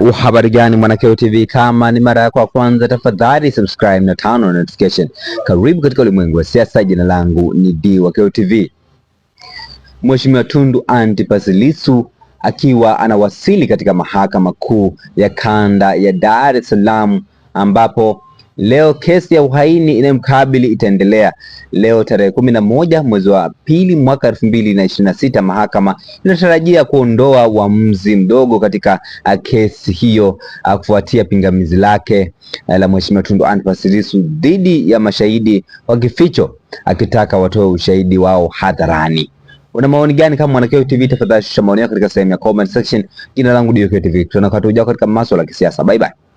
Uhabari gani Mwanakeo TV, kama ni mara yako ya kwanza, tafadhali subscribe na turn on notification. Karibu katika ulimwengu wa siasa. Jina langu ni D wa Keo TV. Mheshimiwa Tundu Antipas Lissu akiwa anawasili katika mahakama kuu ya kanda ya Dar es Salaam ambapo Leo kesi ya uhaini inayomkabili itaendelea. Leo tarehe kumi na moja mwezi wa pili mwaka elfu mbili na ishirini na sita mahakama inatarajia kuondoa uamuzi mdogo katika ah, kesi hiyo ah, kufuatia pingamizi lake ah, la Mheshimiwa Tundu Antipas Lissu dhidi ya mashahidi wa kificho akitaka watoe ushahidi wao hadharani. Una maoni gani kama Mwanakewe TV? Tafadhali shusha maoni yako katika sehemu ya comment section. Jina langu Dio TV, tunakutana katika masuala ya kisiasa. Bye bye.